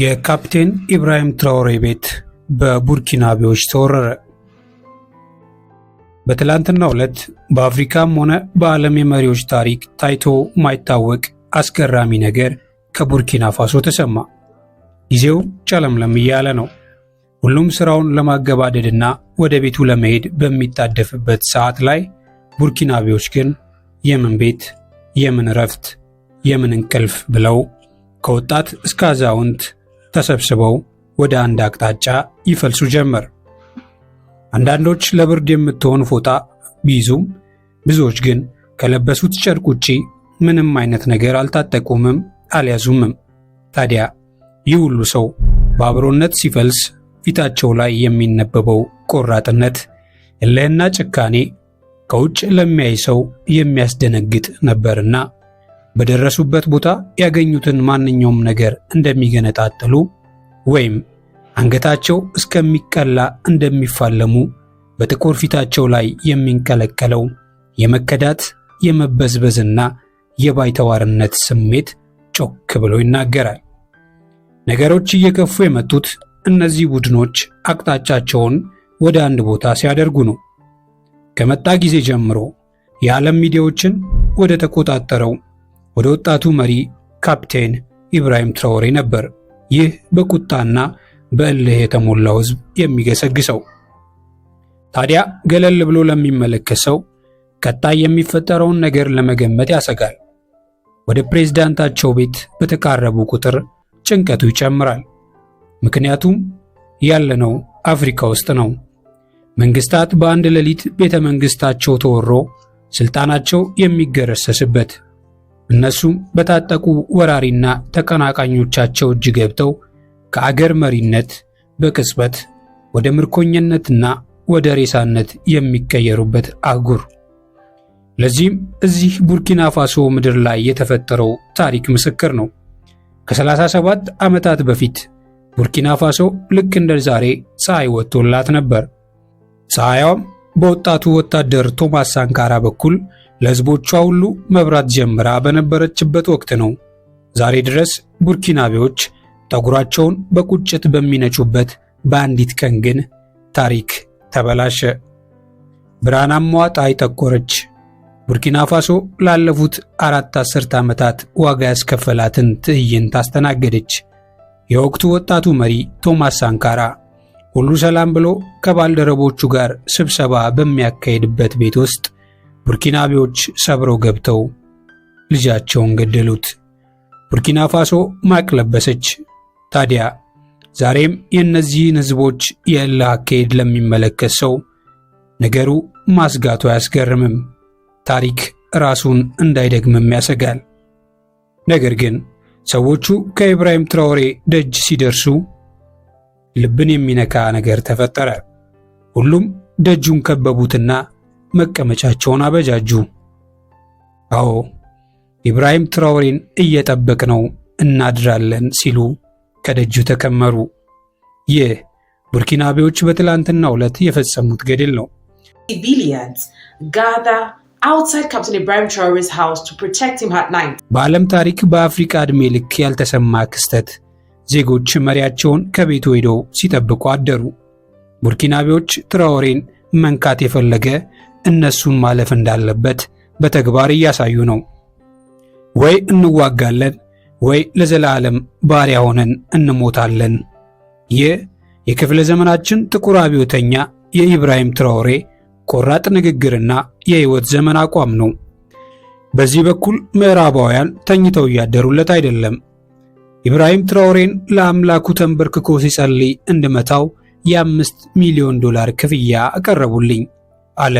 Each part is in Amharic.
የካፕቴን ኢብራሂም ትራውሬ ቤት በቡርኪናቤዎች ተወረረ። በትላንትና ዕለት በአፍሪካም ሆነ በዓለም የመሪዎች ታሪክ ታይቶ ማይታወቅ አስገራሚ ነገር ከቡርኪና ፋሶ ተሰማ። ጊዜው ጨለምለም እያለ ነው። ሁሉም ስራውን ለማገባደድና ወደ ቤቱ ለመሄድ በሚጣደፍበት ሰዓት ላይ ቡርኪናቤዎች ግን የምን ቤት፣ የምን እረፍት፣ የምን እንቅልፍ ብለው ከወጣት እስከ አዛውንት ተሰብስበው ወደ አንድ አቅጣጫ ይፈልሱ ጀመር። አንዳንዶች ለብርድ የምትሆን ፎጣ ቢይዙም ብዙዎች ግን ከለበሱት ጨርቅ ውጪ ምንም አይነት ነገር አልታጠቁምም አልያዙምም። ታዲያ ይህ ሁሉ ሰው በአብሮነት ሲፈልስ ፊታቸው ላይ የሚነበበው ቆራጥነት፣ እልህና ጭካኔ ከውጭ ለሚያይ ሰው የሚያስደነግጥ ነበርና በደረሱበት ቦታ ያገኙትን ማንኛውም ነገር እንደሚገነጣጥሉ ወይም አንገታቸው እስከሚቀላ እንደሚፋለሙ በጥቁር ፊታቸው ላይ የሚንቀለቀለው የመከዳት የመበዝበዝና የባይተዋርነት ስሜት ጮክ ብሎ ይናገራል። ነገሮች እየከፉ የመጡት እነዚህ ቡድኖች አቅጣጫቸውን ወደ አንድ ቦታ ሲያደርጉ ነው። ከመጣ ጊዜ ጀምሮ የዓለም ሚዲያዎችን ወደ ተቆጣጠረው ወደ ወጣቱ መሪ ካፕቴን ኢብራሂም ትራዎሬ ነበር። ይህ በቁጣና በእልህ የተሞላው ህዝብ የሚገሰግሰው ታዲያ ገለል ብሎ ለሚመለከት ሰው ቀጣይ የሚፈጠረውን ነገር ለመገመት ያሰጋል። ወደ ፕሬዝዳንታቸው ቤት በተቃረቡ ቁጥር ጭንቀቱ ይጨምራል። ምክንያቱም ያለነው አፍሪካ ውስጥ ነው። መንግስታት በአንድ ሌሊት ቤተ መንግስታቸው ተወሮ ስልጣናቸው የሚገረሰስበት እነሱም በታጠቁ ወራሪና ተቀናቃኞቻቸው እጅ ገብተው ከአገር መሪነት በቅጽበት ወደ ምርኮኝነትና ወደ ሬሳነት የሚቀየሩበት አህጉር። ለዚህም እዚህ ቡርኪና ፋሶ ምድር ላይ የተፈጠረው ታሪክ ምስክር ነው። ከ37 ዓመታት በፊት ቡርኪና ፋሶ ልክ እንደ ዛሬ ፀሐይ ወጥቶላት ነበር። ፀሐያዋም በወጣቱ ወታደር ቶማስ ሳንካራ በኩል ለሕዝቦቿ ሁሉ መብራት ጀምራ በነበረችበት ወቅት ነው። ዛሬ ድረስ ቡርኪናቤዎች ጠጉራቸውን በቁጭት በሚነጩበት በአንዲት ቀን ግን ታሪክ ተበላሸ። ብርሃናማዋ ፀሐይ ጠቆረች። ቡርኪና ፋሶ ላለፉት አራት አስርት ዓመታት ዋጋ ያስከፈላትን ትዕይንት አስተናገደች። የወቅቱ ወጣቱ መሪ ቶማስ ሳንካራ ሁሉ ሰላም ብሎ ከባልደረቦቹ ጋር ስብሰባ በሚያካሄድበት ቤት ውስጥ ቡርኪናቤዎች ሰብረው ገብተው ልጃቸውን ገደሉት። ቡርኪና ፋሶ ማቅ ለበሰች። ታዲያ ዛሬም የእነዚህን ህዝቦች የእልህ አካሄድ ለሚመለከት ሰው ነገሩ ማስጋቱ አያስገርምም። ታሪክ ራሱን እንዳይደግምም ያሰጋል። ነገር ግን ሰዎቹ ከኢብራሂም ትራውሬ ደጅ ሲደርሱ ልብን የሚነካ ነገር ተፈጠረ። ሁሉም ደጁን ከበቡትና መቀመጫቸውን አበጃጁ። አዎ ኢብራሂም ትራውሬን እየጠበቅ ነው እናድራለን ሲሉ ከደጁ ተከመሩ። ይህ ቡርኪናቤዎች በትላንትና ዕለት የፈጸሙት ገድል ነው። በዓለም ታሪክ በአፍሪካ ዕድሜ ልክ ያልተሰማ ክስተት፣ ዜጎች መሪያቸውን ከቤቱ ሄደው ሲጠብቁ አደሩ። ቡርኪናቤዎች ትራውሬን መንካት የፈለገ እነሱን ማለፍ እንዳለበት በተግባር እያሳዩ ነው። ወይ እንዋጋለን ወይ ለዘላለም ባሪያ ሆነን እንሞታለን። ይህ የክፍለ ዘመናችን ጥቁር አብዮተኛ የኢብራሂም ትራውሬ ቆራጥ ንግግርና የሕይወት ዘመን አቋም ነው። በዚህ በኩል ምዕራባውያን ተኝተው እያደሩለት አይደለም። ኢብራሂም ትራውሬን ለአምላኩ ተንበርክኮ ሲጸልይ እንድመታው የአምስት ሚሊዮን ዶላር ክፍያ አቀረቡልኝ አለ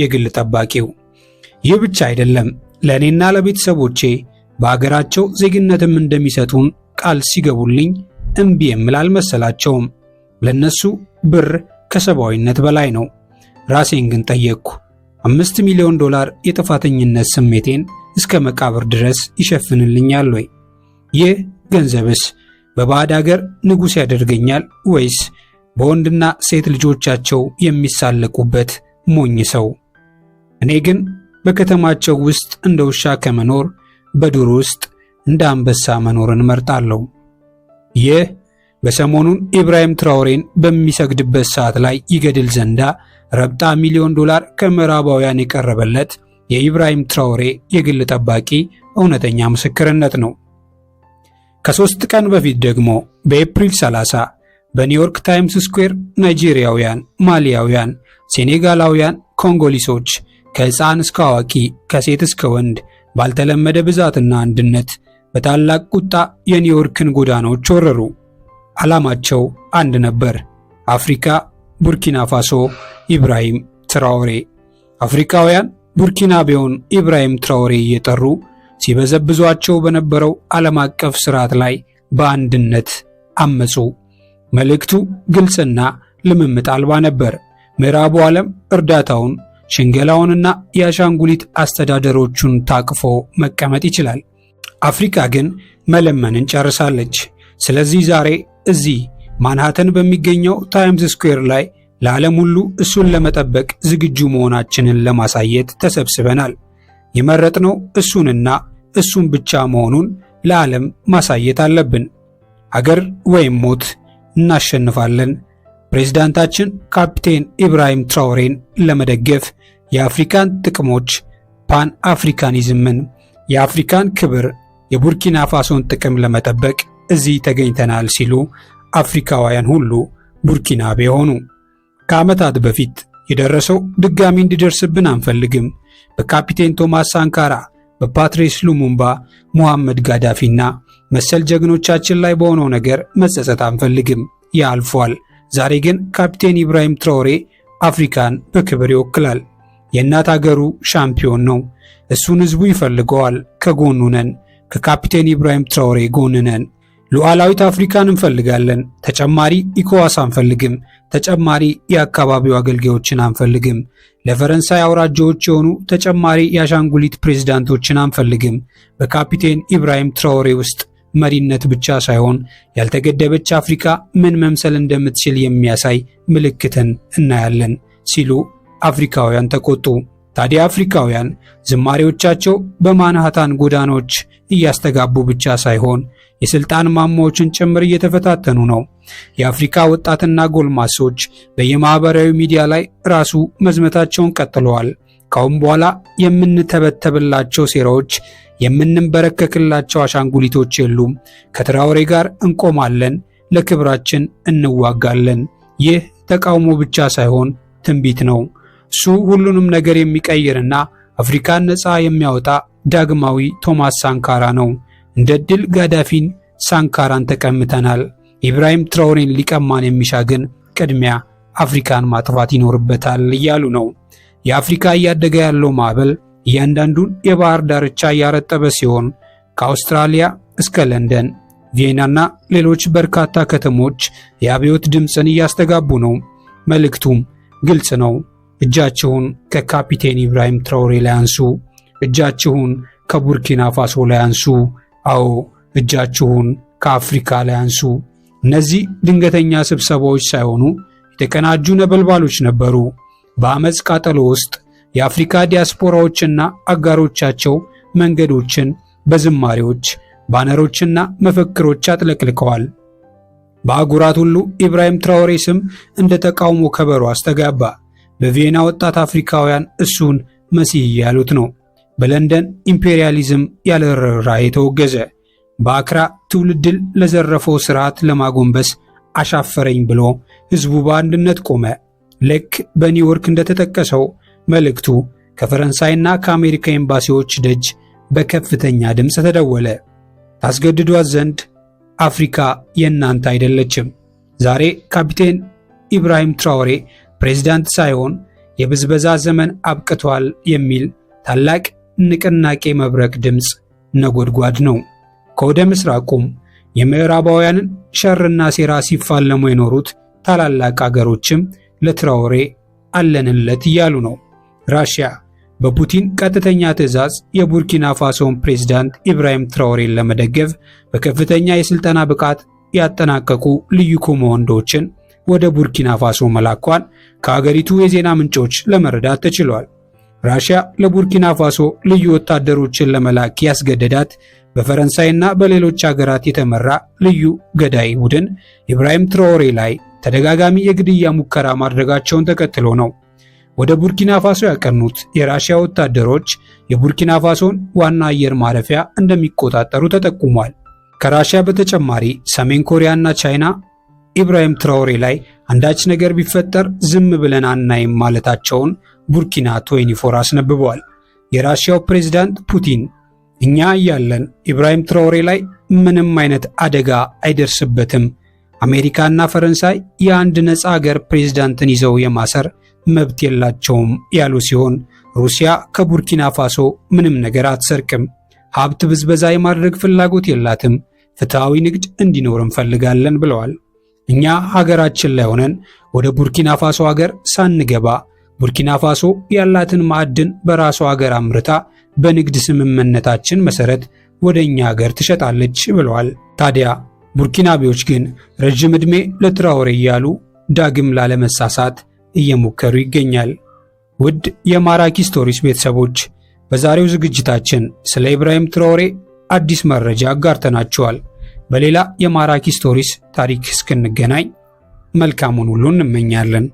የግል ጠባቂው። ይህ ብቻ አይደለም፣ ለእኔና ለቤተሰቦቼ በአገራቸው ዜግነትም እንደሚሰጡን ቃል ሲገቡልኝ እምቢ የምል አልመሰላቸውም። ለነሱ ብር ከሰብአዊነት በላይ ነው። ራሴን ግን ጠየቅኩ። አምስት ሚሊዮን ዶላር የጥፋተኝነት ስሜቴን እስከ መቃብር ድረስ ይሸፍንልኛል ወይ? ይህ ገንዘብስ በባዕድ አገር ንጉሥ ያደርገኛል ወይስ በወንድና ሴት ልጆቻቸው የሚሳለቁበት ሞኝ ሰው። እኔ ግን በከተማቸው ውስጥ እንደ ውሻ ከመኖር በዱር ውስጥ እንደ አንበሳ መኖርን መርጣለሁ። ይህ በሰሞኑን ኢብራሂም ትራውሬን በሚሰግድበት ሰዓት ላይ ይገድል ዘንዳ ረብጣ ሚሊዮን ዶላር ከምዕራባውያን የቀረበለት የኢብራሂም ትራውሬ የግል ጠባቂ እውነተኛ ምስክርነት ነው። ከሦስት ቀን በፊት ደግሞ በኤፕሪል 30 በኒውዮርክ ታይምስ ስኩዌር ናይጄሪያውያን፣ ማሊያውያን፣ ሴኔጋላውያን፣ ኮንጎሊሶች ከሕፃን እስከ አዋቂ ከሴት እስከ ወንድ ባልተለመደ ብዛትና አንድነት በታላቅ ቁጣ የኒውዮርክን ጎዳናዎች ወረሩ። ዓላማቸው አንድ ነበር። አፍሪካ ቡርኪና ፋሶ ኢብራሂም ትራውሬ አፍሪካውያን ቡርኪናቤውን ኢብራሂም ትራውሬ እየጠሩ ሲበዘብዟቸው በነበረው ዓለም አቀፍ ሥርዓት ላይ በአንድነት አመፁ። መልእክቱ ግልጽና ልምምጥ አልባ ነበር። ምዕራቡ ዓለም እርዳታውን፣ ሽንገላውንና የአሻንጉሊት አስተዳደሮቹን ታቅፎ መቀመጥ ይችላል። አፍሪካ ግን መለመንን ጨርሳለች። ስለዚህ ዛሬ እዚህ ማንሃተን በሚገኘው ታይምስ ስኩዌር ላይ ለዓለም ሁሉ እሱን ለመጠበቅ ዝግጁ መሆናችንን ለማሳየት ተሰብስበናል። የመረጥነው እሱንና እሱን ብቻ መሆኑን ለዓለም ማሳየት አለብን። አገር ወይም ሞት እናሸንፋለን። ፕሬዝዳንታችን ካፕቴን ኢብራሂም ትራውሬን ለመደገፍ የአፍሪካን ጥቅሞች፣ ፓን አፍሪካኒዝምን፣ የአፍሪካን ክብር፣ የቡርኪና ፋሶን ጥቅም ለመጠበቅ እዚህ ተገኝተናል ሲሉ አፍሪካውያን ሁሉ ቡርኪናቤ ሆኑ። ከዓመታት በፊት የደረሰው ድጋሚ እንዲደርስብን አንፈልግም። በካፒቴን ቶማስ ሳንካራ፣ በፓትሪስ ሉሙምባ፣ ሙሐመድ ጋዳፊና መሰል ጀግኖቻችን ላይ በሆነው ነገር መጸጸት አንፈልግም። ያልፏል። ዛሬ ግን ካፕቴን ኢብራሂም ትራኦሬ አፍሪካን በክብር ይወክላል። የእናት አገሩ ሻምፒዮን ነው። እሱን ህዝቡ ይፈልገዋል። ከጎኑ ነን። ከካፕቴን ኢብራሂም ትራኦሬ ጎን ነን። ሉዓላዊት አፍሪካን እንፈልጋለን። ተጨማሪ ኢኮዋስ አንፈልግም። ተጨማሪ የአካባቢው አገልጋዮችን አንፈልግም። ለፈረንሳይ አውራጃዎች የሆኑ ተጨማሪ የአሻንጉሊት ፕሬዝዳንቶችን አንፈልግም። በካፒቴን ኢብራሂም ትራኦሬ ውስጥ መሪነት ብቻ ሳይሆን ያልተገደበች አፍሪካ ምን መምሰል እንደምትችል የሚያሳይ ምልክትን እናያለን ሲሉ አፍሪካውያን ተቆጡ። ታዲያ አፍሪካውያን ዝማሬዎቻቸው በማንሃታን ጎዳናዎች እያስተጋቡ ብቻ ሳይሆን የስልጣን ማማዎችን ጭምር እየተፈታተኑ ነው። የአፍሪካ ወጣትና ጎልማሶች በየማህበራዊ ሚዲያ ላይ ራሱ መዝመታቸውን ቀጥለዋል። ካሁን በኋላ የምንተበተብላቸው ሴራዎች፣ የምንንበረከክላቸው አሻንጉሊቶች የሉም። ከትራውሬ ጋር እንቆማለን፣ ለክብራችን እንዋጋለን። ይህ ተቃውሞ ብቻ ሳይሆን ትንቢት ነው። እሱ ሁሉንም ነገር የሚቀይርና አፍሪካን ነፃ የሚያወጣ ዳግማዊ ቶማስ ሳንካራ ነው። እንደ ድል ጋዳፊን ሳንካራን ተቀምተናል። ኢብራሂም ትራውሬን ሊቀማን የሚሻ ግን ቅድሚያ አፍሪካን ማጥፋት ይኖርበታል እያሉ ነው። የአፍሪካ እያደገ ያለው ማዕበል እያንዳንዱን የባህር ዳርቻ እያረጠበ ሲሆን ከአውስትራሊያ እስከ ለንደን፣ ቪየናና ሌሎች በርካታ ከተሞች የአብዮት ድምፅን እያስተጋቡ ነው። መልእክቱም ግልጽ ነው። እጃችሁን ከካፒቴን ኢብራሂም ትራውሬ ላይ አንሱ። እጃችሁን ከቡርኪና ፋሶ ላይ አንሱ። አዎ እጃችሁን ከአፍሪካ ላይ አንሱ። እነዚህ ድንገተኛ ስብሰባዎች ሳይሆኑ የተቀናጁ ነበልባሎች ነበሩ። በአመፅ ቃጠሎ ውስጥ የአፍሪካ ዲያስፖራዎችና አጋሮቻቸው መንገዶችን በዝማሬዎች ባነሮችና መፈክሮች አጥለቅልቀዋል። በአህጉራት ሁሉ ኢብራሂም ትራውሬ ስም እንደ ተቃውሞ ከበሮ አስተጋባ። በቪየና ወጣት አፍሪካውያን እሱን መሲህ ያሉት ነው። በለንደን ኢምፔሪያሊዝም ያለ ርኅራኄ የተወገዘ፣ በአክራ ትውልድን ለዘረፈው ስርዓት ለማጎንበስ አሻፈረኝ ብሎ ሕዝቡ በአንድነት ቆመ። ልክ በኒውዮርክ እንደተጠቀሰው መልእክቱ ከፈረንሳይና ከአሜሪካ ኤምባሲዎች ደጅ በከፍተኛ ድምፅ ተደወለ። ታስገድዷት ዘንድ አፍሪካ የእናንተ አይደለችም። ዛሬ ካፒቴን ኢብራሂም ትራውሬ ፕሬዝዳንት ሳይሆን የብዝበዛ ዘመን አብቅቷል የሚል ታላቅ ንቅናቄ መብረቅ ድምፅ ነጎድጓድ ነው። ከወደ ምስራቁም የምዕራባውያንን ሸርና ሴራ ሲፋለሙ የኖሩት ታላላቅ አገሮችም ለትራውሬ አለንለት እያሉ ነው። ራሽያ በፑቲን ቀጥተኛ ትዕዛዝ የቡርኪና ፋሶን ፕሬዝዳንት ኢብራሂም ትራውሬን ለመደገፍ በከፍተኛ የሥልጠና ብቃት ያጠናቀቁ ልዩ ኮማንዶዎችን ወደ ቡርኪና ፋሶ መላኳን ከአገሪቱ የዜና ምንጮች ለመረዳት ተችሏል። ራሽያ ለቡርኪና ፋሶ ልዩ ወታደሮችን ለመላክ ያስገደዳት በፈረንሳይና በሌሎች አገራት የተመራ ልዩ ገዳይ ቡድን ኢብራሂም ትራውሬ ላይ ተደጋጋሚ የግድያ ሙከራ ማድረጋቸውን ተከትሎ ነው ወደ ቡርኪና ፋሶ ያቀኑት። የራሽያ ወታደሮች የቡርኪና ፋሶን ዋና አየር ማረፊያ እንደሚቆጣጠሩ ተጠቁሟል። ከራሽያ በተጨማሪ ሰሜን ኮሪያና ቻይና ኢብራሂም ትራውሬ ላይ አንዳች ነገር ቢፈጠር ዝም ብለን አናይም ማለታቸውን ቡርኪና 24 አስነብበዋል። የራሽያው ፕሬዝዳንት ፑቲን እኛ እያለን ኢብራሂም ትራውሬ ላይ ምንም አይነት አደጋ አይደርስበትም አሜሪካና ፈረንሳይ የአንድ ነፃ አገር ፕሬዝዳንትን ይዘው የማሰር መብት የላቸውም ያሉ ሲሆን ሩሲያ ከቡርኪና ፋሶ ምንም ነገር አትሰርቅም፣ ሀብት ብዝበዛ የማድረግ ፍላጎት የላትም፣ ፍትሐዊ ንግድ እንዲኖር እንፈልጋለን ብለዋል። እኛ ሀገራችን ላይ ሆነን ወደ ቡርኪና ፋሶ ሀገር ሳንገባ ቡርኪና ፋሶ ያላትን ማዕድን በራሷ ሀገር አምርታ በንግድ ስምምነታችን መሰረት ወደ እኛ ሀገር ትሸጣለች ብለዋል። ታዲያ ቡርኪናቤዎች ግን ረዥም ዕድሜ ለትራውሬ እያሉ ዳግም ላለመሳሳት እየሞከሩ ይገኛል። ውድ የማራኪ ስቶሪስ ቤተሰቦች በዛሬው ዝግጅታችን ስለ ኢብራሂም ትራውሬ አዲስ መረጃ አጋርተናቸዋል። በሌላ የማራኪ ስቶሪስ ታሪክ እስክንገናኝ መልካሙን ሁሉ እንመኛለን።